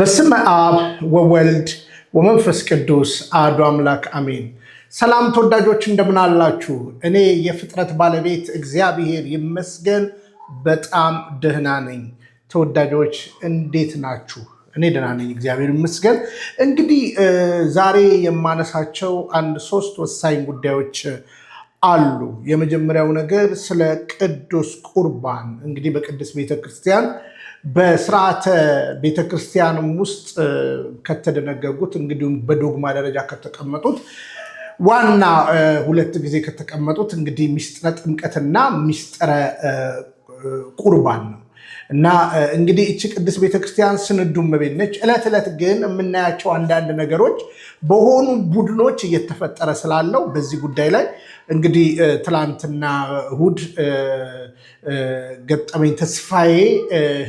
በስመ አብ ወወልድ ወመንፈስ ቅዱስ አሐዱ አምላክ አሜን። ሰላም ተወዳጆች እንደምን አላችሁ? እኔ የፍጥረት ባለቤት እግዚአብሔር ይመስገን በጣም ደህና ነኝ። ተወዳጆች እንዴት ናችሁ? እኔ ደህና ነኝ፣ እግዚአብሔር ይመስገን። እንግዲህ ዛሬ የማነሳቸው አንድ ሶስት ወሳኝ ጉዳዮች አሉ። የመጀመሪያው ነገር ስለ ቅዱስ ቁርባን እንግዲህ በቅድስት ቤተክርስቲያን በስርዓተ ቤተክርስቲያንም ውስጥ ከተደነገጉት እንግዲሁም በዶግማ ደረጃ ከተቀመጡት ዋና ሁለት ጊዜ ከተቀመጡት እንግዲህ ሚስጥረ ጥምቀትና ሚስጥረ ቁርባን ነው እና እንግዲህ እቺ ቅድስት ቤተክርስቲያን ስንዱ እመቤት ነች። እለት ዕለት ግን የምናያቸው አንዳንድ ነገሮች በሆኑ ቡድኖች እየተፈጠረ ስላለው በዚህ ጉዳይ ላይ እንግዲህ ትላንትና እሁድ ገጠመኝ ተስፋዬ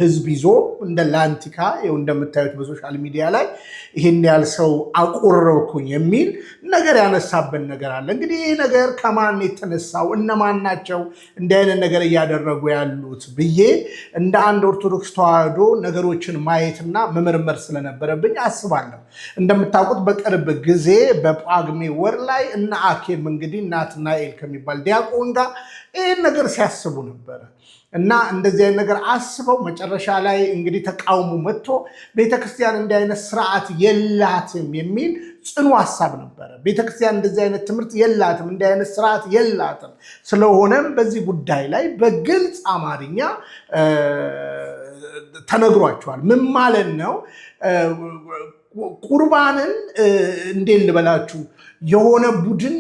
ህዝብ ይዞ እንደ ላንቲካ እንደምታዩት በሶሻል ሚዲያ ላይ ይህን ያህል ሰው አቆረብኩኝ የሚል ነገር ያነሳብን ነገር አለ። እንግዲህ ይህ ነገር ከማን የተነሳው እነማን ናቸው እንዲህ አይነት ነገር እያደረጉ ያሉት ብዬ እንደ አንድ ኦርቶዶክስ ተዋህዶ ነገሮችን ማየትና መመርመር ስለነበረብኝ አስባለሁ። እንደምታውቁት በቅርብ ጊዜ በጳጉሜ ወር ላይ እነ አኬም እንግዲህ እናትና ናትናኤል ከሚባል ዲያቆን ጋር ይህን ነገር ሲያስቡ ነበረ እና እንደዚህ አይነት ነገር አስበው መጨረሻ ላይ እንግዲህ ተቃውሞ መጥቶ ቤተክርስቲያን እንዲህ አይነት ስርዓት የላትም የሚል ጽኑ ሀሳብ ነበረ። ቤተክርስቲያን እንደዚህ አይነት ትምህርት የላትም፣ እንዲህ አይነት ስርዓት የላትም። ስለሆነም በዚህ ጉዳይ ላይ በግልጽ አማርኛ ተነግሯቸዋል። ምን ማለት ነው? ቁርባንን እንዴት ልበላችሁ የሆነ ቡድን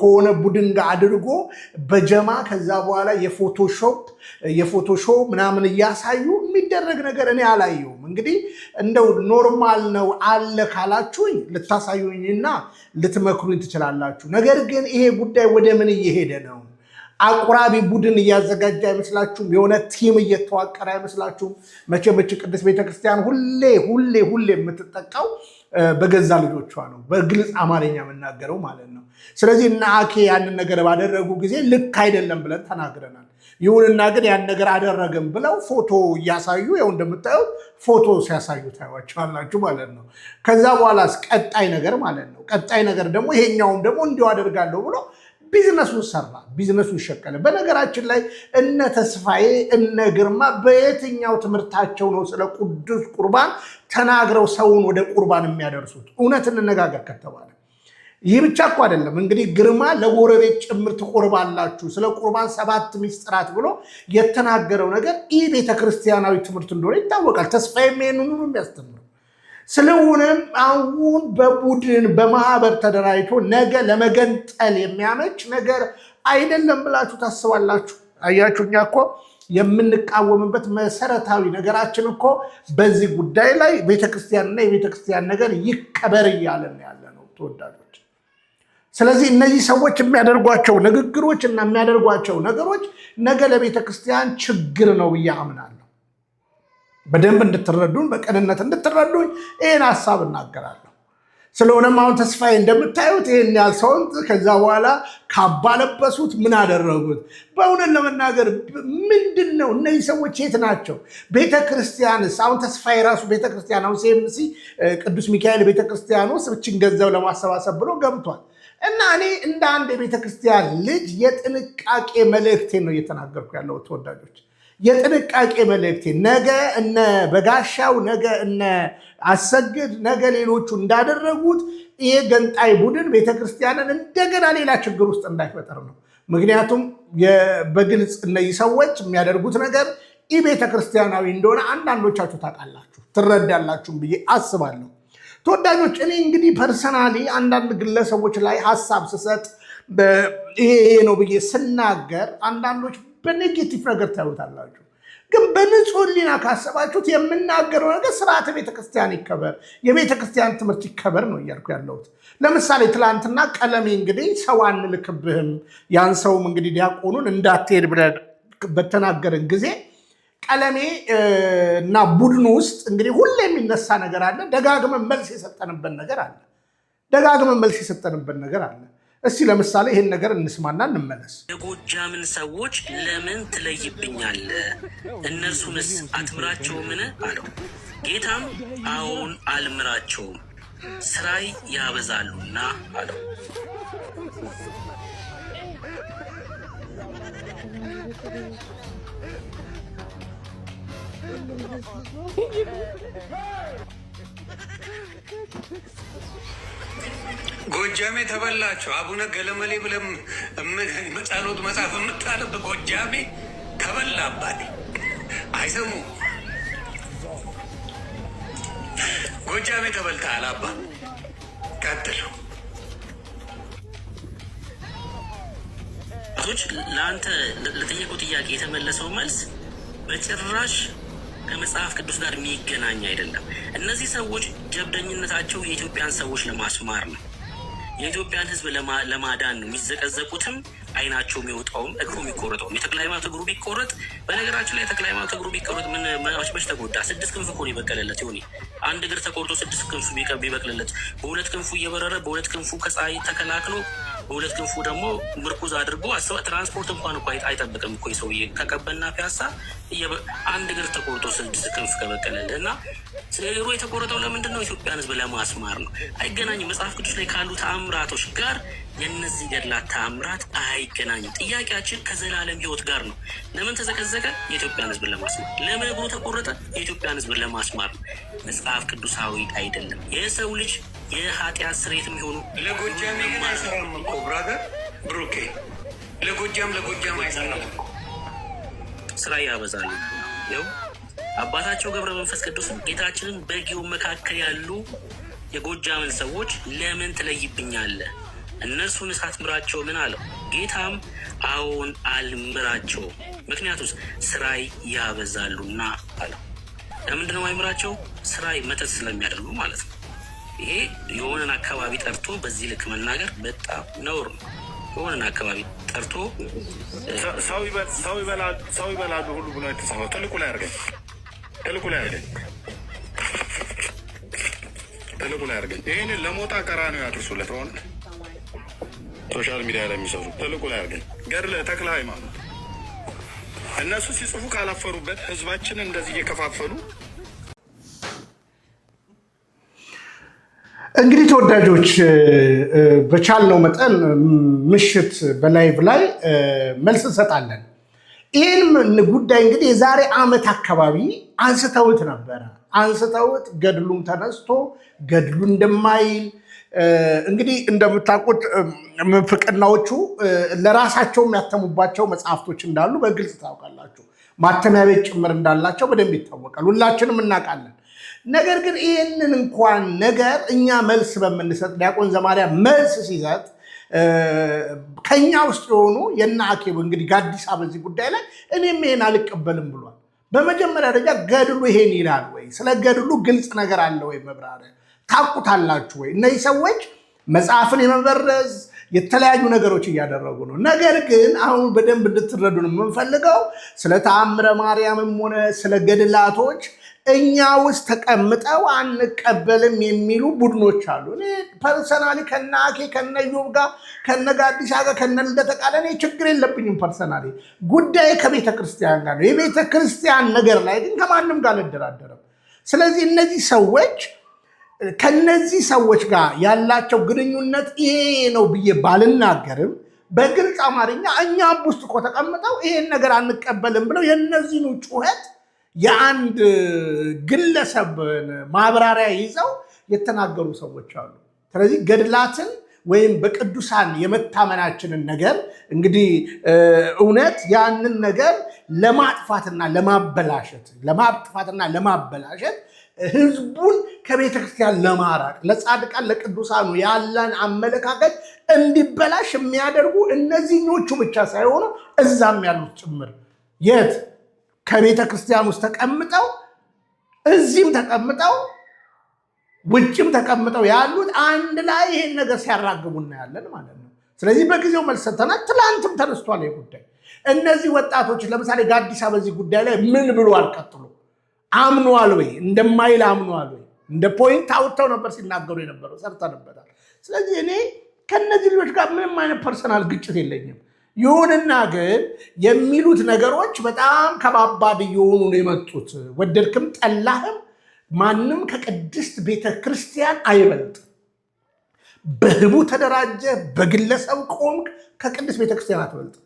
ከሆነ ቡድን ጋር አድርጎ በጀማ ከዛ በኋላ የፎቶሾፕ የፎቶሾ ምናምን እያሳዩ የሚደረግ ነገር እኔ አላየውም። እንግዲህ እንደው ኖርማል ነው አለ ካላችሁኝ ልታሳዩኝና ልትመክሩኝ ትችላላችሁ። ነገር ግን ይሄ ጉዳይ ወደ ምን እየሄደ ነው? አቁራቢ ቡድን እያዘጋጀ አይመስላችሁም? የሆነ ቲም እየተዋቀረ አይመስላችሁም? መቼ መቼ ቅድስት ቤተክርስቲያን ሁሌ ሁሌ ሁሌ የምትጠቃው በገዛ ልጆቿ ነው በግልጽ አማርኛ የምናገረው ማለት ነው። ስለዚህ እነ አኬ ያንን ነገር ባደረጉ ጊዜ ልክ አይደለም ብለን ተናግረናል። ይሁንና ግን ያን ነገር አደረግም ብለው ፎቶ እያሳዩ ው እንደምታዩት ፎቶ ሲያሳዩ ታዩዋቸዋላችሁ ማለት ነው። ከዛ በኋላስ ቀጣይ ነገር ማለት ነው። ቀጣይ ነገር ደግሞ ይሄኛውም ደግሞ እንዲሁ አደርጋለሁ ብሎ ቢዝነሱ ሰራ፣ ቢዝነሱ ሸቀለ። በነገራችን ላይ እነ ተስፋዬ እነ ግርማ በየትኛው ትምህርታቸው ነው ስለ ቅዱስ ቁርባን ተናግረው ሰውን ወደ ቁርባን የሚያደርሱት? እውነት እንነጋገር ከተባለ ይህ ብቻ እኮ አይደለም። እንግዲህ ግርማ ለጎረቤት ጭምር ትቆርባላችሁ፣ ስለ ቁርባን ሰባት ሚስጥራት ብሎ የተናገረው ነገር ይህ ቤተክርስቲያናዊ ትምህርት እንደሆነ ይታወቃል። ተስፋዬ የሚያስተምሩ ስለሆነም አሁን በቡድን በማህበር ተደራጅቶ ነገ ለመገንጠል የሚያመች ነገር አይደለም ብላችሁ ታስባላችሁ። አያችሁ እኛ እኮ የምንቃወምበት መሰረታዊ ነገራችን እኮ በዚህ ጉዳይ ላይ ቤተክርስቲያንና የቤተክርስቲያን ነገር ይቀበር እያለን ያለ ነው ተወዳጆች። ስለዚህ እነዚህ ሰዎች የሚያደርጓቸው ንግግሮች እና የሚያደርጓቸው ነገሮች ነገ ለቤተክርስቲያን ችግር ነው ብዬ አምናለሁ። በደንብ እንድትረዱን በቅንነት እንድትረዱኝ ይህን ሀሳብ እናገራለሁ። ስለሆነም አሁን ተስፋዬ እንደምታዩት ይህን ያህል ሰውን ከዛ በኋላ ካባ ለበሱት። ምን አደረጉት? በእውነት ለመናገር ምንድን ነው? እነዚህ ሰዎች የት ናቸው? ቤተ ክርስቲያንስ? አሁን ተስፋዬ ራሱ ቤተ ክርስቲያን አሁን ሲኤምሲ ቅዱስ ሚካኤል ቤተ ክርስቲያን ውስጥ እችን ገንዘብ ለማሰባሰብ ብሎ ገብቷል። እና እኔ እንደ አንድ የቤተ ክርስቲያን ልጅ የጥንቃቄ መልእክቴን ነው እየተናገርኩ ያለው ተወዳጆች የጥንቃቄ መልእክቴ ነገ እነ በጋሻው ነገ እነ አሰግድ ነገ ሌሎቹ እንዳደረጉት ይሄ ገንጣይ ቡድን ቤተክርስቲያንን እንደገና ሌላ ችግር ውስጥ እንዳይፈጠር ነው። ምክንያቱም በግልጽ እነዚህ ሰዎች የሚያደርጉት ነገር ይህ ቤተክርስቲያናዊ እንደሆነ አንዳንዶቻችሁ ታውቃላችሁ፣ ትረዳላችሁም ብዬ አስባለሁ። ተወዳጆች እኔ እንግዲህ ፐርሰናሊ አንዳንድ ግለሰቦች ላይ ሀሳብ ስሰጥ ይሄ ነው ብዬ ስናገር አንዳንዶች በኔጌቲቭ ነገር ታዩታላችሁ። ግን በንጹህ ሕሊና ካሰባችሁት የምናገረው ነገር ስርዓተ ቤተክርስቲያን ይከበር፣ የቤተክርስቲያን ትምህርት ይከበር ነው እያልኩ ያለሁት። ለምሳሌ ትላንትና ቀለሜ እንግዲህ ሰው አንልክብህም፣ ያን ሰውም እንግዲህ ዲያቆኑን እንዳትሄድ ብለን በተናገርን ጊዜ ቀለሜ እና ቡድኑ ውስጥ እንግዲህ ሁሌ የሚነሳ ነገር አለ። ደጋግመን መልስ የሰጠንበት ነገር አለ። ደጋግመን መልስ የሰጠንበት ነገር አለ። እስቲ ለምሳሌ ይሄን ነገር እንስማና እንመለስ። የጎጃምን ሰዎች ለምን ትለይብኛለህ? እነርሱንስ አትምራቸውምን አለው። ጌታም አዎን አልምራቸውም፣ ስራይ ያበዛሉና አለው። ጎጃሜ ተበላችሁ። አቡነ ገለመሌ ብለም መጻሎት መጽሐፍ የምታነብ ጎጃሜ ተበላ። አባቴ አይሰሙ። ጎጃሜ ተበልተሃል አባ። ቀጥሉ። ለአንተ ለጠየቁ ጥያቄ የተመለሰው መልስ በጭራሽ ከመጽሐፍ ቅዱስ ጋር የሚገናኝ አይደለም። እነዚህ ሰዎች ጀብደኝነታቸው የኢትዮጵያን ሰዎች ለማስማር ነው፣ የኢትዮጵያን ሕዝብ ለማዳን ነው። የሚዘቀዘቁትም አይናቸው የሚወጣውም እግሩ የሚቆረጠውም የተክለ ሃይማኖት እግሩ ቢቆረጥ፣ በነገራችን ላይ የተክለ ሃይማኖት እግሩ ቢቆረጥ ምን መች ተጎዳ? ስድስት ክንፍ እኮ ነው የበቀለለት። አንድ እግር ተቆርጦ ስድስት ክንፍ ቢበቅልለት፣ በሁለት ክንፉ እየበረረ በሁለት ክንፉ ከፀሐይ ተከላክሎ በሁለት ክንፉ ደግሞ ምርኩዝ አድርጎ ትራንስፖርት እንኳን እኮ አይጠብቅም እኮ ሰውዬ ከቀበና ፒያሳ አንድ እግር ተቆርጦ ስድስት ክንፍ ከበቀለልህ እና ስለ እግሩ የተቆረጠው ለምንድን ነው? ኢትዮጵያን ህዝብ ለማስማር ነው። አይገናኝም። መጽሐፍ ቅዱስ ላይ ካሉ ተአምራቶች ጋር የነዚህ ገድላት ተአምራት አይገናኝም። ጥያቄያችን ከዘላለም ህይወት ጋር ነው። ለምን ተዘቀዘቀ? የኢትዮጵያን ህዝብ ለማስማር። ለምን እግሩ ተቆረጠ? የኢትዮጵያን ህዝብ ለማስማር ነው። መጽሐፍ ቅዱሳዊ አይደለም። የሰው ልጅ የኃጢአት ስሬት የሚሆኑ ለጎጃም ግን አይሰራም እኮ ብሩኬ፣ ለጎጃም ለጎጃም አይሰራም እኮ ስራ ያበዛሉ። ይኸው አባታቸው ገብረ መንፈስ ቅዱስ ጌታችንን በጊው መካከል ያሉ የጎጃምን ሰዎች ለምን ትለይብኛለህ? እነርሱን እሳት ምራቸው ምን አለው? ጌታም አዎን አልምራቸው፣ ምክንያቱስ ስራይ ያበዛሉና አለው። ለምንድን ነው አይምራቸው? ስራይ መጠጥ ስለሚያደርጉ ማለት ነው። ይሄ የሆነን አካባቢ ጠርቶ በዚህ ልክ መናገር በጣም ነውር ነው። በሆነን አካባቢ ጠርቶ ሰው ይበላሉ ሁሉ ብሎ የተሰራው ትልቁ ላይ አድርገን ትልቁ ላይ አድርገን ትልቁ ላይ አድርገን ይህንን ለሞጣ ቀራ ነው ያድርሱለት። ሆነ ሶሻል ሚዲያ ላይ የሚሰሩ ትልቁ ላይ አድርገን ገድለ ተክለ ሃይማኖት እነሱ ሲጽፉ ካላፈሩበት ህዝባችንን እንደዚህ እየከፋፈሉ እንግዲህ ተወዳጆች በቻልነው መጠን ምሽት በላይቭ ላይ መልስ እንሰጣለን። ይህን ጉዳይ እንግዲህ የዛሬ ዓመት አካባቢ አንስተውት ነበረ። አንስተውት ገድሉም ተነስቶ ገድሉ እንደማይል እንግዲህ እንደምታውቁት ምንፍቅናዎቹ ለራሳቸው የሚያተሙባቸው መጽሐፍቶች እንዳሉ በግልጽ ታውቃላችሁ። ማተሚያ ቤት ጭምር እንዳላቸው በደንብ ይታወቃል። ሁላችንም እናውቃለን። ነገር ግን ይህንን እንኳን ነገር እኛ መልስ በምንሰጥ ዲያቆን ዘማርያም መልስ ሲሰጥ ከኛ ውስጥ የሆኑ የእነ አኬቡ እንግዲህ ጋዲሳ በዚህ ጉዳይ ላይ እኔም ይሄን አልቀበልም ብሏል። በመጀመሪያ ደረጃ ገድሉ ይሄን ይላል ወይ? ስለ ገድሉ ግልጽ ነገር አለ ወይ? መብራሪ ታቁታላችሁ ወይ? እነዚህ ሰዎች መጽሐፍን የመበረዝ የተለያዩ ነገሮች እያደረጉ ነው። ነገር ግን አሁን በደንብ እንድትረዱን የምንፈልገው ስለ ተአምረ ማርያምም ሆነ ስለ ገድላቶች እኛ ውስጥ ተቀምጠው አንቀበልም የሚሉ ቡድኖች አሉ። እኔ ፐርሰናሊ ከነ አኬ ከነ ዮብ ጋር ከነ ጋዲሳ ጋር ከነ እኔ ችግር የለብኝም። ፐርሰናሊ ጉዳይ ከቤተ ክርስቲያን ጋር ነው። የቤተ ክርስቲያን ነገር ላይ ግን ከማንም ጋር አልደራደርም። ስለዚህ እነዚህ ሰዎች ከነዚህ ሰዎች ጋር ያላቸው ግንኙነት ይሄ ነው ብዬ ባልናገርም በግልጽ አማርኛ እኛ ውስጥ እኮ ተቀምጠው ይሄን ነገር አንቀበልም ብለው የእነዚህኑ ጩኸት የአንድ ግለሰብን ማብራሪያ ይዘው የተናገሩ ሰዎች አሉ። ስለዚህ ገድላትን ወይም በቅዱሳን የመታመናችንን ነገር እንግዲህ እውነት ያንን ነገር ለማጥፋትና ለማበላሸት ለማጥፋትና ለማበላሸት ህዝቡን ከቤተ ክርስቲያን ለማራቅ ለጻድቃን ለቅዱሳኑ ያለን አመለካከት እንዲበላሽ የሚያደርጉ እነዚህኞቹ ብቻ ሳይሆኑ እዛም ያሉት ጭምር የት ከቤተ ክርስቲያን ውስጥ ተቀምጠው እዚህም ተቀምጠው ውጭም ተቀምጠው ያሉት አንድ ላይ ይሄን ነገር ሲያራግቡ እናያለን ማለት ነው። ስለዚህ በጊዜው መልስ ሰጥተናል። ትላንትም ተነስቷል ይህ ጉዳይ። እነዚህ ወጣቶች ለምሳሌ ጋዲሳ በዚህ ጉዳይ ላይ ምን ብሎ አልቀጥሎ አምኗል ወይ እንደማይል አምኗል ወይ እንደ ፖይንት አውጥተው ነበር ሲናገሩ የነበረው ሰርተንበታል። ስለዚህ እኔ ከእነዚህ ልጆች ጋር ምንም አይነት ፐርሰናል ግጭት የለኝም። ይሁንና ግን የሚሉት ነገሮች በጣም ከባባድ እየሆኑ ነው የመጡት። ወደድክም ጠላህም ማንም ከቅድስት ቤተ ክርስቲያን አይበልጥ። በህቡ ተደራጀ፣ በግለሰብ ቆምክ፣ ከቅድስት ቤተ ክርስቲያን አትበልጥ።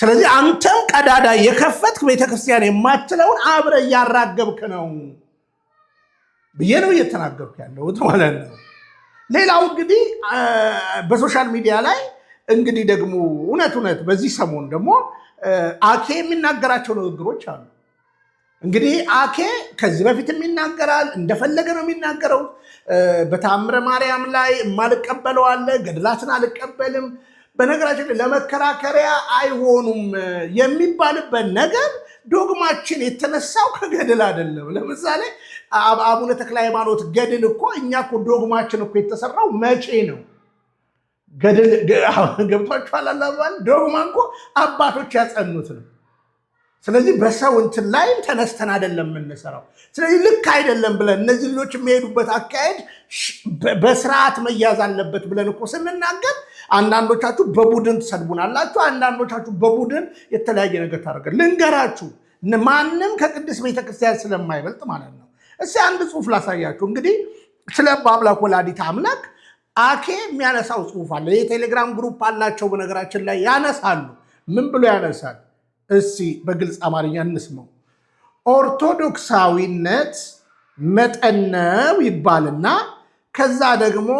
ስለዚህ አንተም ቀዳዳ የከፈትክ ቤተ ክርስቲያን የማትለውን አብረ እያራገብክ ነው ብዬ ነው እየተናገርኩ ያለሁት ማለት ነው። ሌላው እንግዲህ በሶሻል ሚዲያ ላይ እንግዲህ ደግሞ እውነት እውነት በዚህ ሰሞን ደግሞ አኬ የሚናገራቸው ንግግሮች አሉ። እንግዲህ አኬ ከዚህ በፊትም ይናገራል፣ እንደፈለገ ነው የሚናገረው። በታምረ ማርያም ላይ የማልቀበለው አለ፣ ገድላትን አልቀበልም። በነገራችን ለመከራከሪያ አይሆኑም የሚባልበት ነገር ዶግማችን የተነሳው ከገድል አይደለም። ለምሳሌ አቡነ ተክለ ሃይማኖት ገድል እኮ እኛ እኮ ዶግማችን እኮ የተሰራው መቼ ነው ገድል ገብቷችኋል። አላባል ዶግማ እኮ አባቶች ያጸኑት ነው። ስለዚህ በሰው እንትን ላይም ተነስተን አይደለም የምንሰራው። ስለዚህ ልክ አይደለም ብለን እነዚህ ልጆች የሚሄዱበት አካሄድ በስርዓት መያዝ አለበት ብለን እኮ ስንናገር አንዳንዶቻችሁ በቡድን ትሰድቡናላችሁ፣ አንዳንዶቻችሁ በቡድን የተለያየ ነገር ታደርገ ልንገራችሁ፣ ማንም ከቅድስት ቤተክርስቲያን ስለማይበልጥ ማለት ነው። እስኪ አንድ ጽሑፍ ላሳያችሁ እንግዲህ ስለ አምላክ ወላዲተ አምላክ አኬ የሚያነሳው ጽሁፍ አለ። የቴሌግራም ግሩፕ አላቸው። በነገራችን ላይ ያነሳሉ። ምን ብሎ ያነሳል? እስቲ በግልጽ አማርኛ እንስማው። ኦርቶዶክሳዊነት መጠን ይባልና ከዛ ደግሞ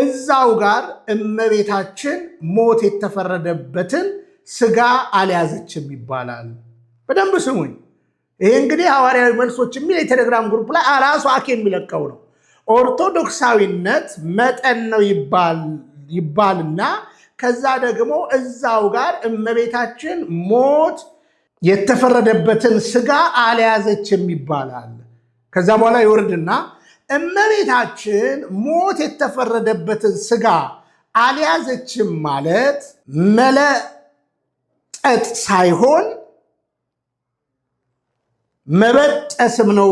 እዛው ጋር እመቤታችን ሞት የተፈረደበትን ስጋ አልያዘችም ይባላል። በደንብ ስሙኝ። ይሄ እንግዲህ ሐዋርያዊ መልሶች የሚል የቴሌግራም ግሩፕ ላይ ራሱ አኬ የሚለቀው ነው። ኦርቶዶክሳዊነት መጠን ነው ይባልና ከዛ ደግሞ እዛው ጋር እመቤታችን ሞት የተፈረደበትን ስጋ አልያዘችም ይባላል። ከዛ በኋላ ይወርድና እመቤታችን ሞት የተፈረደበትን ስጋ አልያዘችም ማለት መለጠጥ ሳይሆን መበጠስም ነው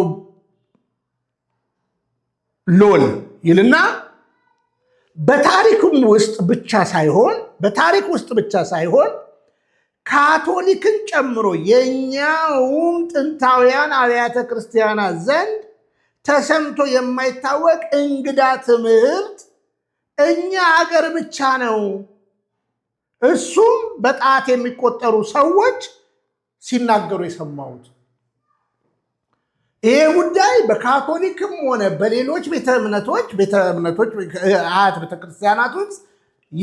ሎል ይልና በታሪክም ውስጥ ብቻ ሳይሆን በታሪክ ውስጥ ብቻ ሳይሆን ካቶሊክን ጨምሮ የእኛውም ጥንታውያን አብያተ ክርስቲያናት ዘንድ ተሰምቶ የማይታወቅ እንግዳ ትምህርት እኛ አገር ብቻ ነው። እሱም በጣት የሚቆጠሩ ሰዎች ሲናገሩ የሰማሁት ይሄ ጉዳይ በካቶሊክም ሆነ በሌሎች ቤተ እምነቶች ቤተ እምነቶች አያት ቤተክርስቲያናት ውስጥ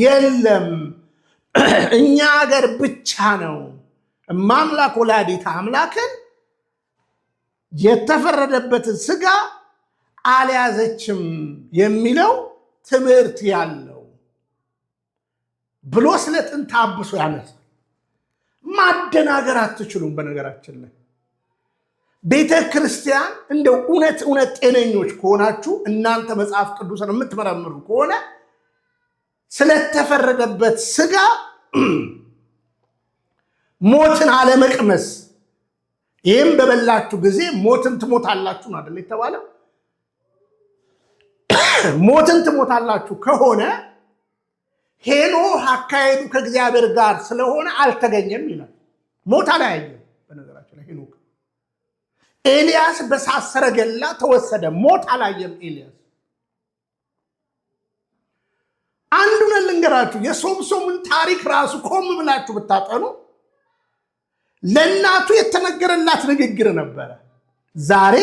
የለም። እኛ ሀገር ብቻ ነው እማምላክ ወላዲተ አምላክን የተፈረደበትን ስጋ አልያዘችም የሚለው ትምህርት ያለው ብሎ ስለ ጥንት አብሶ ያነሳል። ማደናገር አትችሉም። በነገራችን ላይ ቤተ ክርስቲያን እንደ እውነት እውነት ጤነኞች ከሆናችሁ እናንተ መጽሐፍ ቅዱስን የምትመረምሩ ከሆነ ስለተፈረደበት ስጋ ሞትን አለመቅመስ ይህም በበላችሁ ጊዜ ሞትን ትሞታላችሁ አደለ የተባለው? ሞትን ትሞታላችሁ ከሆነ ሄኖ አካሄዱ ከእግዚአብሔር ጋር ስለሆነ አልተገኘም ይላል። ሞት አላያየ ኤልያስ በሳሰረ ገላ ተወሰደ። ሞት አላየም ኤልያስ። አንዱን ልንገራችሁ፣ የሶምሶምን ታሪክ ራሱ ቆም ብላችሁ ብታጠኑ ለእናቱ የተነገረላት ንግግር ነበረ። ዛሬ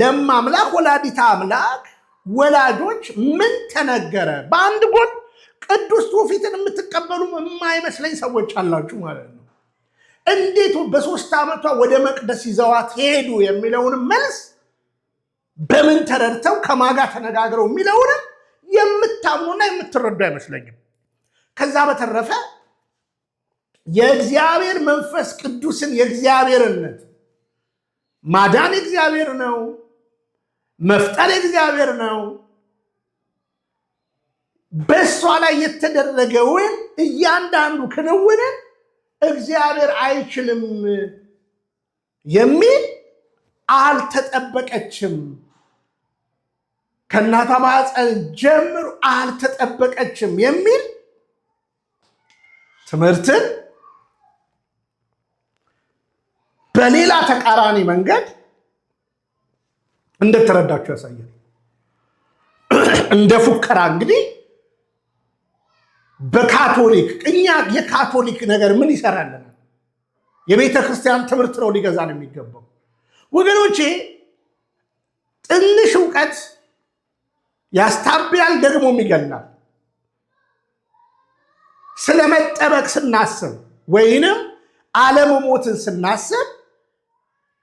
ለማምላክ ወላዲታ አምላክ ወላጆች ምን ተነገረ? በአንድ ጎን ቅዱስ ትውፊትን የምትቀበሉ የማይመስለኝ ሰዎች አላችሁ ማለት ነው። እንዴት በሶስት ዓመቷ ወደ መቅደስ ይዘዋት ሄዱ የሚለውንም መልስ በምን ተረድተው ከማጋ ተነጋግረው የሚለውንም የምታምኑና የምትረዱ አይመስለኝም። ከዛ በተረፈ የእግዚአብሔር መንፈስ ቅዱስን የእግዚአብሔርነት ማዳን እግዚአብሔር ነው፣ መፍጠር እግዚአብሔር ነው። በእሷ ላይ የተደረገውን እያንዳንዱ ክንውንን እግዚአብሔር አይችልም የሚል አልተጠበቀችም። ከእናቷ ማዕፀን ጀምሮ አልተጠበቀችም የሚል ትምህርትን በሌላ ተቃራኒ መንገድ እንደተረዳቸው ያሳያል። እንደ ፉከራ እንግዲህ በካቶሊክ እኛ የካቶሊክ ነገር ምን ይሰራልናል? የቤተ ክርስቲያን ትምህርት ነው ሊገዛ ነው የሚገባው። ወገኖቼ ትንሽ እውቀት ያስታብያል፣ ደግሞም ይገላል። ስለመጠበቅ ስናስብ ወይንም አለመሞትን ስናስብ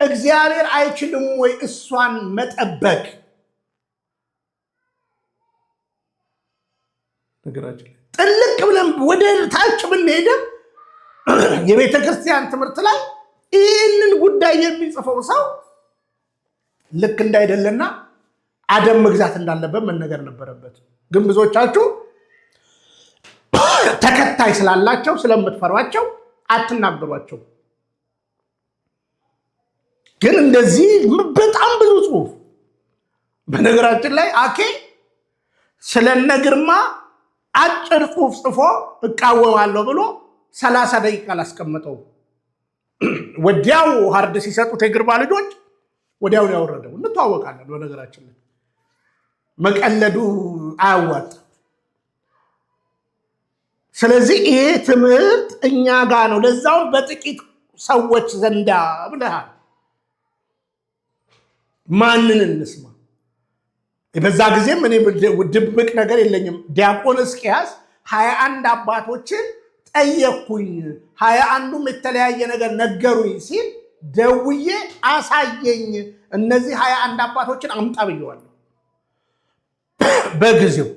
እግዚአብሔር አይችልም ወይ እሷን መጠበቅ ነገራችን ጥልቅ ብለን ወደ ታች ብንሄደ የቤተ ክርስቲያን ትምህርት ላይ ይህንን ጉዳይ የሚጽፈው ሰው ልክ እንዳይደለና አደም መግዛት እንዳለበት መነገር ነበረበት። ግን ብዙዎቻችሁ ተከታይ ስላላቸው ስለምትፈሯቸው አትናገሯቸው። ግን እንደዚህ በጣም ብዙ ጽሁፍ በነገራችን ላይ አኬ ስለነግርማ። አጭር ጽሑፍ ጽፎ እቃወማለሁ ብሎ ሰላሳ ደቂቃ አላስቀመጠው። ወዲያው ሀርድ ሲሰጡት የግርማ ልጆች ወዲያው ያወረደው። እንተዋወቃለን። በነገራችን ላይ መቀለዱ አያዋጥ። ስለዚህ ይሄ ትምህርት እኛ ጋ ነው፣ ለዛውም በጥቂት ሰዎች ዘንዳ ብለሃል። ማንን እንስማ? በዛ ጊዜም እኔ ድብቅ ነገር የለኝም። ዲያቆን እስቅያስ ሀያ አንድ አባቶችን ጠየቅኩኝ፣ ሀያ አንዱም የተለያየ ነገር ነገሩኝ ሲል ደውዬ አሳየኝ። እነዚህ ሀያ አንድ አባቶችን አምጣ ብየዋለሁ በጊዜው።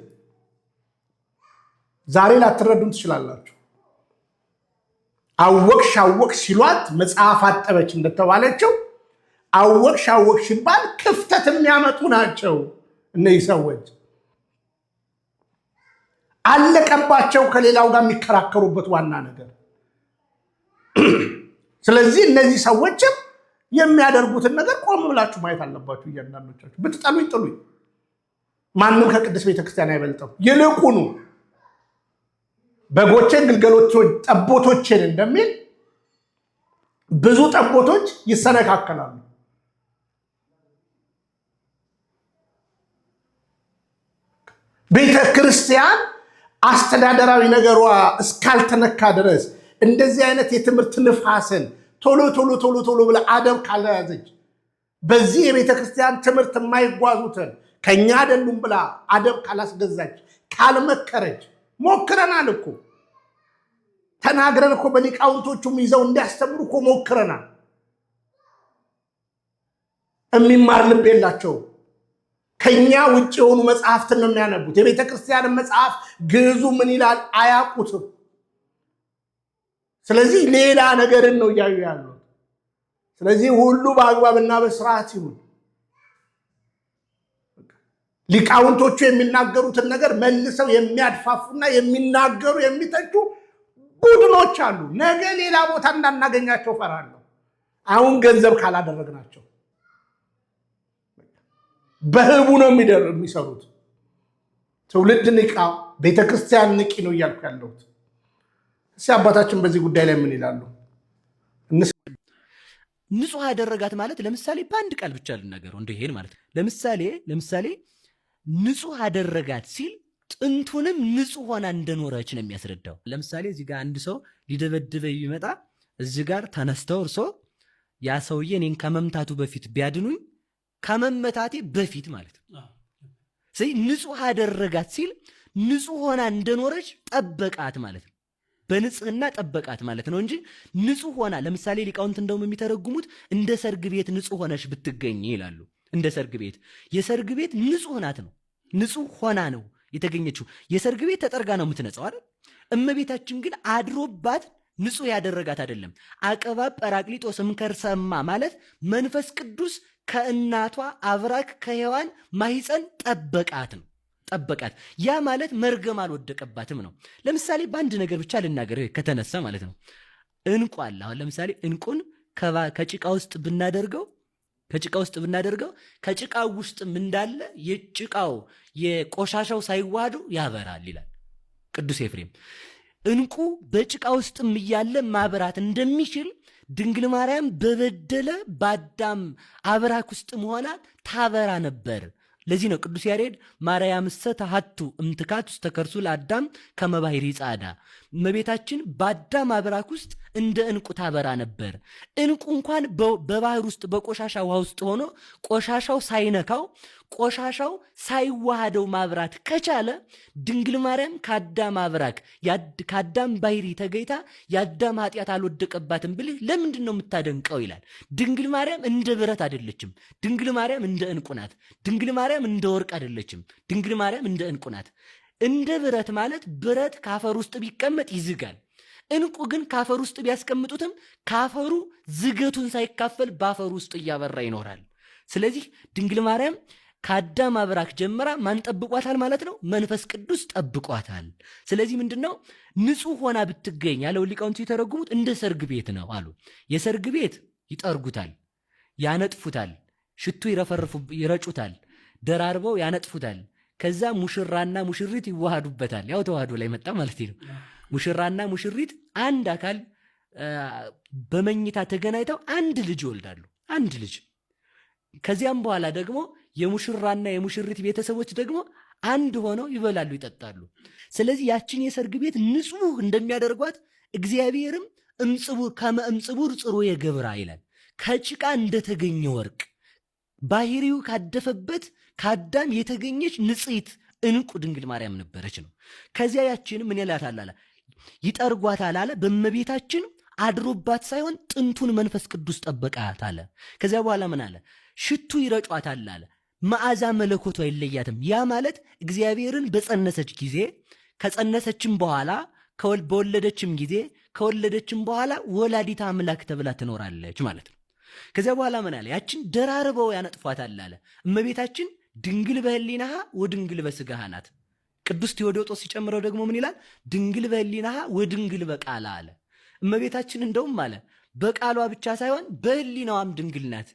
ዛሬ ላትረዱን ትችላላችሁ። አወቅሽ አወቅሽ ሲሏት መጽሐፍ አጠበች እንደተባለችው አወቅሽ አወቅሽ ሲባል ክፍተት የሚያመጡ ናቸው። እነዚህ ሰዎች አለቀባቸው ከሌላው ጋር የሚከራከሩበት ዋና ነገር። ስለዚህ እነዚህ ሰዎችም የሚያደርጉትን ነገር ቆም ብላችሁ ማየት አለባችሁ። እያንዳንዶቻችሁ ብትጠሉኝ ጥሉኝ፣ ማንም ከቅድስት ቤተክርስቲያን አይበልጠው። ይልቁኑ በጎቼን ግልገሎቼን፣ ጠቦቶቼን እንደሚል ብዙ ጠቦቶች ይሰነካከላሉ። ቤተ ክርስቲያን አስተዳደራዊ ነገሯ እስካልተነካ ድረስ እንደዚህ አይነት የትምህርት ንፋስን ቶሎ ቶሎ ቶሎ ቶሎ ብላ አደብ ካልያዘች በዚህ የቤተ ክርስቲያን ትምህርት የማይጓዙትን ከኛ አይደሉም ብላ አደብ ካላስገዛች ካልመከረች፣ ሞክረናል እኮ ተናግረን እኮ በሊቃውንቶቹም ይዘው እንዲያስተምሩ እኮ ሞክረናል። የሚማር ልብ የላቸውም። ከኛ ውጭ የሆኑ መጽሐፍትን ነው የሚያነቡት። የቤተ ክርስቲያንን መጽሐፍ ግዕዙ ምን ይላል አያውቁትም። ስለዚህ ሌላ ነገርን ነው እያዩ ያሉት። ስለዚህ ሁሉ በአግባብና በስርዓት ይሁን። ሊቃውንቶቹ የሚናገሩትን ነገር መልሰው የሚያድፋፉና የሚናገሩ የሚተቹ ቡድኖች አሉ። ነገ ሌላ ቦታ እንዳናገኛቸው ፈራለሁ። አሁን ገንዘብ ካላደረግናቸው በህቡ ነው የሚሰሩት። ትውልድ ንቃ፣ ቤተክርስቲያን ንቂ ነው እያልኩ ያለሁት። እስኪ አባታችን በዚህ ጉዳይ ላይ ምን ይላሉ? ንጹህ ያደረጋት ማለት ለምሳሌ በአንድ ቃል ብቻ ልናገረው እንደ ይሄን ማለት ለምሳሌ ለምሳሌ ንጹህ አደረጋት ሲል ጥንቱንም ንጹህ ሆና እንደኖረች ነው የሚያስረዳው። ለምሳሌ እዚህ ጋር አንድ ሰው ሊደበድበ ይመጣ እዚህ ጋር ተነስተው እርሶ ያ ሰውዬ እኔን ከመምታቱ በፊት ቢያድኑኝ ከመመታቴ በፊት ማለት ነው። ስለዚህ ንጹህ አደረጋት ሲል ንጹህ ሆና እንደኖረች ጠበቃት ማለት ነው። በንጽህና ጠበቃት ማለት ነው እንጂ ንጹህ ሆና ለምሳሌ ሊቃውንት እንደውም የሚተረጉሙት እንደ ሰርግ ቤት ንጹህ ሆነች ብትገኝ ይላሉ። እንደ ሰርግ ቤት የሰርግ ቤት ንጹህ ናት ነው ንጹህ ሆና ነው የተገኘችው። የሰርግ ቤት ተጠርጋ ነው የምትነጸው አይደል? እመቤታችን ግን አድሮባት ንጹህ ያደረጋት አይደለም። አቀባብ ጰራቅሊጦስ ምከርሰማ ማለት መንፈስ ቅዱስ ከእናቷ አብራክ ከሔዋን ማኅፀን ጠበቃት ነው ጠበቃት። ያ ማለት መርገም አልወደቀባትም ነው። ለምሳሌ በአንድ ነገር ብቻ ልናገር ከተነሳ ማለት ነው። እንቁ አለ። አሁን ለምሳሌ እንቁን ከጭቃ ውስጥ ብናደርገው ከጭቃ ውስጥ ብናደርገው ከጭቃው ውስጥም እንዳለ የጭቃው የቆሻሻው ሳይዋሃዱ ያበራል ይላል ቅዱስ ኤፍሬም። እንቁ በጭቃ ውስጥም እያለ ማብራት እንደሚችል ድንግል ማርያም በበደለ በአዳም አብራክ ውስጥ መሆና ታበራ ነበር። ለዚህ ነው ቅዱስ ያሬድ ማርያምሰ ሀቱ እምትካት ውስተ ከርሡ ለአዳም ከመ ባሕሪ እመቤታችን በአዳም አብራክ ውስጥ እንደ እንቁ ታበራ ነበር። እንቁ እንኳን በባህር ውስጥ በቆሻሻ ውሃ ውስጥ ሆኖ ቆሻሻው ሳይነካው ቆሻሻው ሳይዋሃደው ማብራት ከቻለ ድንግል ማርያም ከአዳም አብራክ ከአዳም ባህሪ ተገይታ የአዳም ኃጢአት አልወደቀባትም ብልህ ለምንድን ነው የምታደንቀው? ይላል። ድንግል ማርያም እንደ ብረት አይደለችም። ድንግል ማርያም እንደ እንቁ ናት። ድንግል ማርያም እንደ ወርቅ አይደለችም። ድንግል ማርያም እንደ እንቁ ናት። እንደ ብረት ማለት ብረት ካፈር ውስጥ ቢቀመጥ ይዝጋል። እንቁ ግን ካፈር ውስጥ ቢያስቀምጡትም ካፈሩ ዝገቱን ሳይካፈል ባፈሩ ውስጥ እያበራ ይኖራል። ስለዚህ ድንግል ማርያም ከአዳም አብራክ ጀምራ ማን ጠብቋታል ማለት ነው? መንፈስ ቅዱስ ጠብቋታል። ስለዚህ ምንድን ነው ንጹህ ሆና ብትገኝ ያለው ሊቃውንቱ የተረጉሙት እንደ ሰርግ ቤት ነው አሉ። የሰርግ ቤት ይጠርጉታል፣ ያነጥፉታል፣ ሽቱ ይረፈርፉ፣ ይረጩታል፣ ደራርበው ያነጥፉታል። ከዛ ሙሽራና ሙሽሪት ይዋሃዱበታል። ያው ተዋህዶ ላይ መጣ ማለት ነው። ሙሽራና ሙሽሪት አንድ አካል በመኝታ ተገናኝተው አንድ ልጅ ይወልዳሉ። አንድ ልጅ ከዚያም በኋላ ደግሞ የሙሽራና የሙሽሪት ቤተሰቦች ደግሞ አንድ ሆነው ይበላሉ፣ ይጠጣሉ። ስለዚህ ያችን የሰርግ ቤት ንጹህ እንደሚያደርጓት እግዚአብሔርም ከመ እምጽቡር ጽሩየ የገብራ ይላል ከጭቃ እንደተገኘ ወርቅ ባህሪው ካደፈበት ከአዳም የተገኘች ንጽሕት እንቁ ድንግል ማርያም ነበረች ነው። ከዚያ ያችን ምን ይላታል አለ ይጠርጓታል አለ። በእመቤታችን አድሮባት ሳይሆን ጥንቱን መንፈስ ቅዱስ ጠበቃት አለ። ከዚያ በኋላ ምን አለ? ሽቱ ይረጯታል አለ። መዓዛ መለኮቱ አይለያትም። ያ ማለት እግዚአብሔርን በጸነሰች ጊዜ ከጸነሰችም በኋላ በወለደችም ጊዜ ከወለደችም በኋላ ወላዲታ አምላክ ተብላ ትኖራለች ማለት ነው። ከዚያ በኋላ ምን አለ? ያችን ደራርበው ያነጥፏታል አለ እመቤታችን ድንግል በህሊናሃ ወድንግል በስጋሃ ናት። ቅዱስ ቴዎዶጦስ ሲጨምረው ደግሞ ምን ይላል? ድንግል በህሊናሃ ወድንግል በቃላ አለ። እመቤታችን እንደውም አለ በቃሏ ብቻ ሳይሆን በህሊናዋም ድንግል ናት።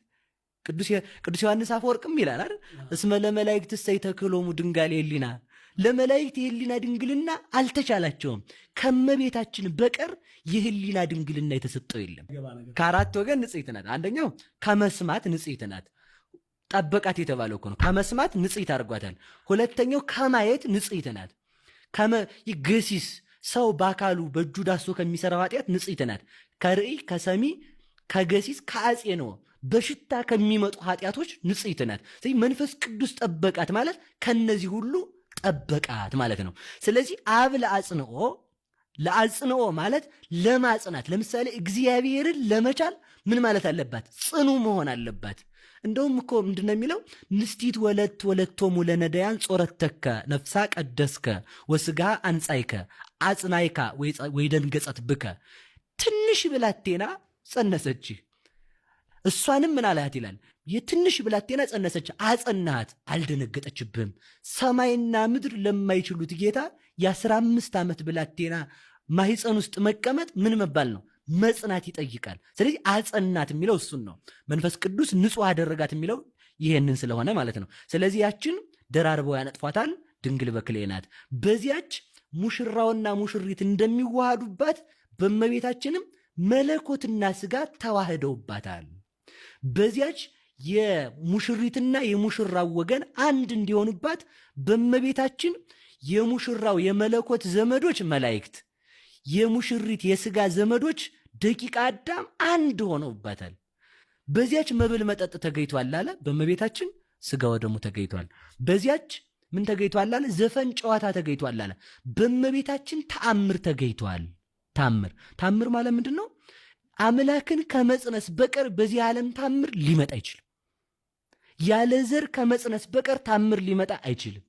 ቅዱስ ዮሐንስ አፈወርቅም ይላል አይደል? እስመ ለመላእክት እሰይ ተክሎሙ ድንጋሌ ህሊና ለመላእክት የህሊና ድንግልና አልተቻላቸውም። ከመቤታችን በቀር የህሊና ድንግልና የተሰጠው የለም። ከአራት ወገን ንጽሕት ናት። አንደኛው ከመስማት ንጽሕት ናት። ጠበቃት የተባለው እኮ ነው። ከመስማት ንጽሕት አድርጓታል። ሁለተኛው ከማየት ንጽሕት ናት። ገሲስ ሰው በአካሉ በእጁ ዳሶ ከሚሰራው ኃጢአት ንጽሕት ናት። ከርኢ ከሰሚ ከገሲስ ከአጼ ነው በሽታ ከሚመጡ ኃጢአቶች ንጽሕት ናት። ስለዚህ መንፈስ ቅዱስ ጠበቃት ማለት ከነዚህ ሁሉ ጠበቃት ማለት ነው። ስለዚህ አብ ለአጽንኦ ለአጽንኦ ማለት ለማጽናት ለምሳሌ እግዚአብሔርን ለመቻል ምን ማለት አለባት? ጽኑ መሆን አለባት። እንደውም እኮ ምንድን የሚለው? ንስቲት ወለት ወለቶሙ ለነዳያን ጾረተከ ነፍሳ ቀደስከ ወስጋ አንጻይከ አጽናይካ ወይደንገጸት ብከ ትንሽ ብላቴና ጸነሰች። እሷንም ምን አልሃት ይላል? የትንሽ ብላቴና ጸነሰች፣ አጸናሃት፣ አልደነገጠችብህም። ሰማይና ምድር ለማይችሉት ጌታ የአስራ አምስት ዓመት ብላቴና ማህፀን ውስጥ መቀመጥ ምን መባል ነው? መጽናት ይጠይቃል። ስለዚህ አጸናት የሚለው እሱን ነው። መንፈስ ቅዱስ ንጹሕ አደረጋት የሚለው ይሄንን ስለሆነ ማለት ነው። ስለዚህ ያችን ደራርበው ያነጥፏታል። ድንግል በክሌ ናት። በዚያች ሙሽራውና ሙሽሪት እንደሚዋሃዱባት በእመቤታችንም መለኮትና ስጋ ተዋህደውባታል። በዚያች የሙሽሪትና የሙሽራው ወገን አንድ እንዲሆኑባት በእመቤታችን የሙሽራው የመለኮት ዘመዶች መላእክት የሙሽሪት የስጋ ዘመዶች ደቂቃ አዳም አንድ ሆነውበታል። በዚያች መብል መጠጥ ተገኝቷል አለ በመቤታችን ስጋ ወደሙ ተገኝቷል። በዚያች ምን ተገኝቷል አለ ዘፈን ጨዋታ ተገኝቷል አለ በእመቤታችን ተአምር ተገኝቷል። ታምር ታምር ማለት ምንድን ነው? አምላክን ከመጽነስ በቀር በዚህ ዓለም ታምር ሊመጣ አይችልም። ያለ ዘር ከመጽነስ በቀር ታምር ሊመጣ አይችልም።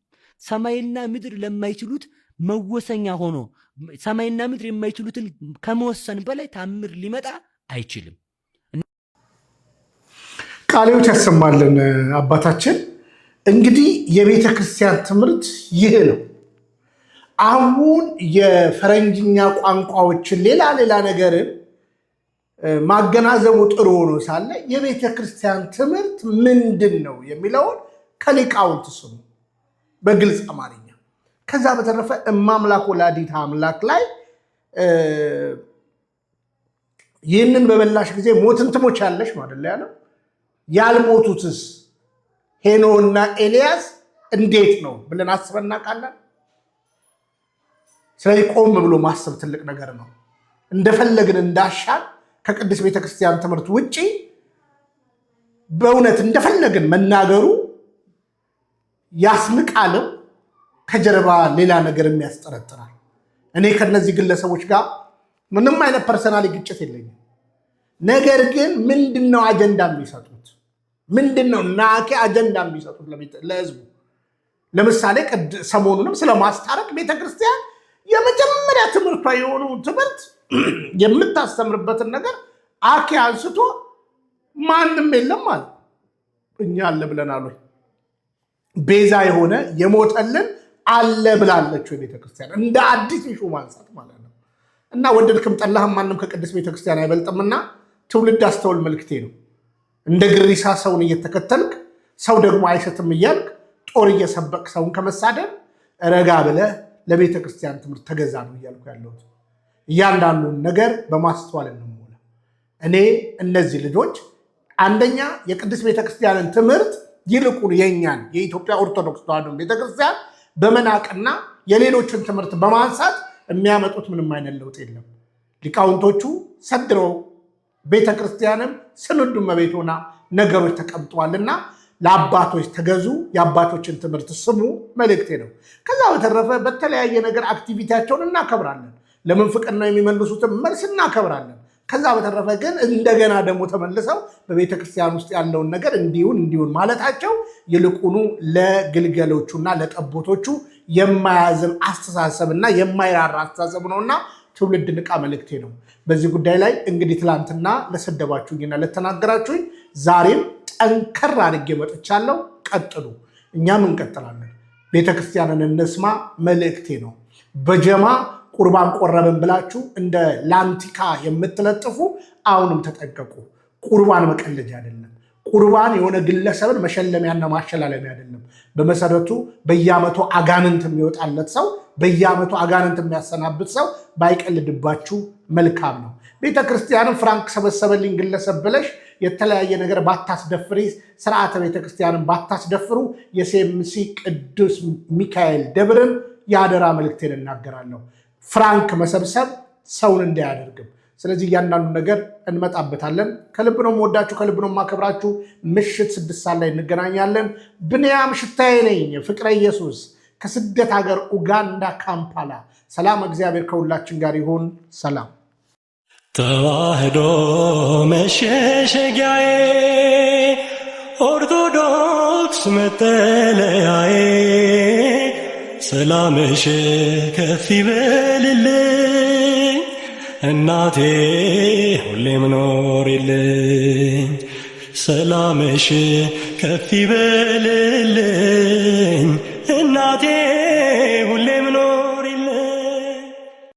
ሰማይና ምድር ለማይችሉት መወሰኛ ሆኖ ሰማይና ምድር የማይችሉትን ከመወሰን በላይ ታምር ሊመጣ አይችልም። ቃሌዎች ያሰማልን አባታችን። እንግዲህ የቤተ ክርስቲያን ትምህርት ይህ ነው። አሁን የፈረንጅኛ ቋንቋዎችን ሌላ ሌላ ነገርን ማገናዘቡ ጥሩ ሆኖ ሳለ የቤተ ክርስቲያን ትምህርት ምንድን ነው የሚለውን ከሊቃውንት ስሙ በግልጽ አማርኛ ከዛ በተረፈ እማምላክ ወላዲት አምላክ ላይ ይህንን በበላሽ ጊዜ ሞትን ትሞቻለሽ ማለት ያለው። ያልሞቱትስ ሄኖና ኤልያስ እንዴት ነው ብለን አስበን እናውቃለን። ስለዚህ ቆም ብሎ ማሰብ ትልቅ ነገር ነው። እንደፈለግን እንዳሻል ከቅድስት ቤተክርስቲያን ትምህርት ውጪ በእውነት እንደፈለግን መናገሩ ያስንቃልም ከጀርባ ሌላ ነገርም ያስጠረጥራል። እኔ ከነዚህ ግለሰቦች ጋር ምንም አይነት ፐርሰናል ግጭት የለኝም። ነገር ግን ምንድን ነው አጀንዳ የሚሰጡት? ምንድን ነው ናኬ አጀንዳ የሚሰጡት ለህዝቡ? ለምሳሌ ሰሞኑንም ስለ ማስታረቅ ቤተክርስቲያን የመጀመሪያ ትምህርቷ የሆነውን ትምህርት የምታስተምርበትን ነገር አኬ አንስቶ ማንም የለም ማለት እኛ አለ ብለናል። ቤዛ የሆነ የሞተልን አለ ብላለችው የቤተ ክርስቲያን እንደ አዲስ ኢሹ ማንሳት ማለት ነው። እና ወደድክም ጠላህም ማንም ከቅድስት ቤተ ክርስቲያን አይበልጥምና ትውልድ አስተውል መልክቴ ነው። እንደ ግሪሳ ሰውን እየተከተልክ ሰው ደግሞ አይሰትም እያልክ ጦር እየሰበቅ ሰውን ከመሳደብ ረጋ ብለህ ለቤተ ክርስቲያን ትምህርት ተገዛ ነው እያልኩ ያለሁት። እያንዳንዱን ነገር በማስተዋል እንሞላ። እኔ እነዚህ ልጆች አንደኛ የቅድስት ቤተክርስቲያንን ትምህርት ይልቁን የእኛን የኢትዮጵያ ኦርቶዶክስ ተዋዶ ቤተክርስቲያን በመናቅና የሌሎችን ትምህርት በማንሳት የሚያመጡት ምንም አይነት ለውጥ የለም። ሊቃውንቶቹ ሰድረው ቤተ ክርስቲያንም ስንዱ መቤት ሆና ነገሮች ተቀምጠዋልና ለአባቶች ተገዙ፣ የአባቶችን ትምህርት ስሙ መልእክቴ ነው። ከዛ በተረፈ በተለያየ ነገር አክቲቪቲያቸውን እናከብራለን። ለምንፍቅና የሚመልሱትን መልስ እናከብራለን። ከዛ በተረፈ ግን እንደገና ደግሞ ተመልሰው በቤተ ክርስቲያን ውስጥ ያለውን ነገር እንዲሁን እንዲሁን ማለታቸው ይልቁኑ ለግልገሎቹና ለጠቦቶቹ የማያዝን አስተሳሰብና የማይራራ አስተሳሰብ ነውና ትውልድ ንቃ መልእክቴ ነው። በዚህ ጉዳይ ላይ እንግዲህ ትላንትና ለሰደባችሁኝና ለተናገራችሁኝ ዛሬም ጠንከር አድርጌ መጥቻለሁ። ቀጥሉ፣ እኛም እንቀጥላለን። ቤተክርስቲያንን እንስማ መልእክቴ ነው። በጀማ ቁርባን ቆረብን ብላችሁ እንደ ላንቲካ የምትለጥፉ አሁንም ተጠንቀቁ። ቁርባን መቀለጅ አይደለም። ቁርባን የሆነ ግለሰብን መሸለሚያና ማሸላለሚያ አይደለም። በመሰረቱ በየዓመቱ አጋንንት የሚወጣለት ሰው፣ በየዓመቱ አጋንንት የሚያሰናብት ሰው ባይቀልድባችሁ መልካም ነው። ቤተ ክርስቲያንም ፍራንክ ሰበሰበልኝ ግለሰብ ብለሽ የተለያየ ነገር ባታስደፍሪ፣ ስርዓተ ቤተ ክርስቲያንን ባታስደፍሩ፣ የሴምሲ ቅዱስ ሚካኤል ደብርን የአደራ መልእክቴን እናገራለሁ። ፍራንክ መሰብሰብ ሰውን እንዳያደርግም። ስለዚህ እያንዳንዱ ነገር እንመጣበታለን። ከልብ ነው የምወዳችሁ፣ ከልብ ነው የማከብራችሁ። ምሽት ስድስት ሰዓት ላይ እንገናኛለን። ብንያም ሽታዬ ነኝ ፍቅረ ኢየሱስ ከስደት ሀገር ኡጋንዳ ካምፓላ። ሰላም፣ እግዚአብሔር ከሁላችን ጋር ይሁን። ሰላም። ተዋህዶ መሸሸጊያዬ፣ ኦርቶዶክስ መጠለያዬ ሰላምሽ ከፍ ይበልልኝ እናቴ ሁሌም ኖሪልኝ ሰላምሽ ከፍ ይበልልኝ እናቴ ሁሌም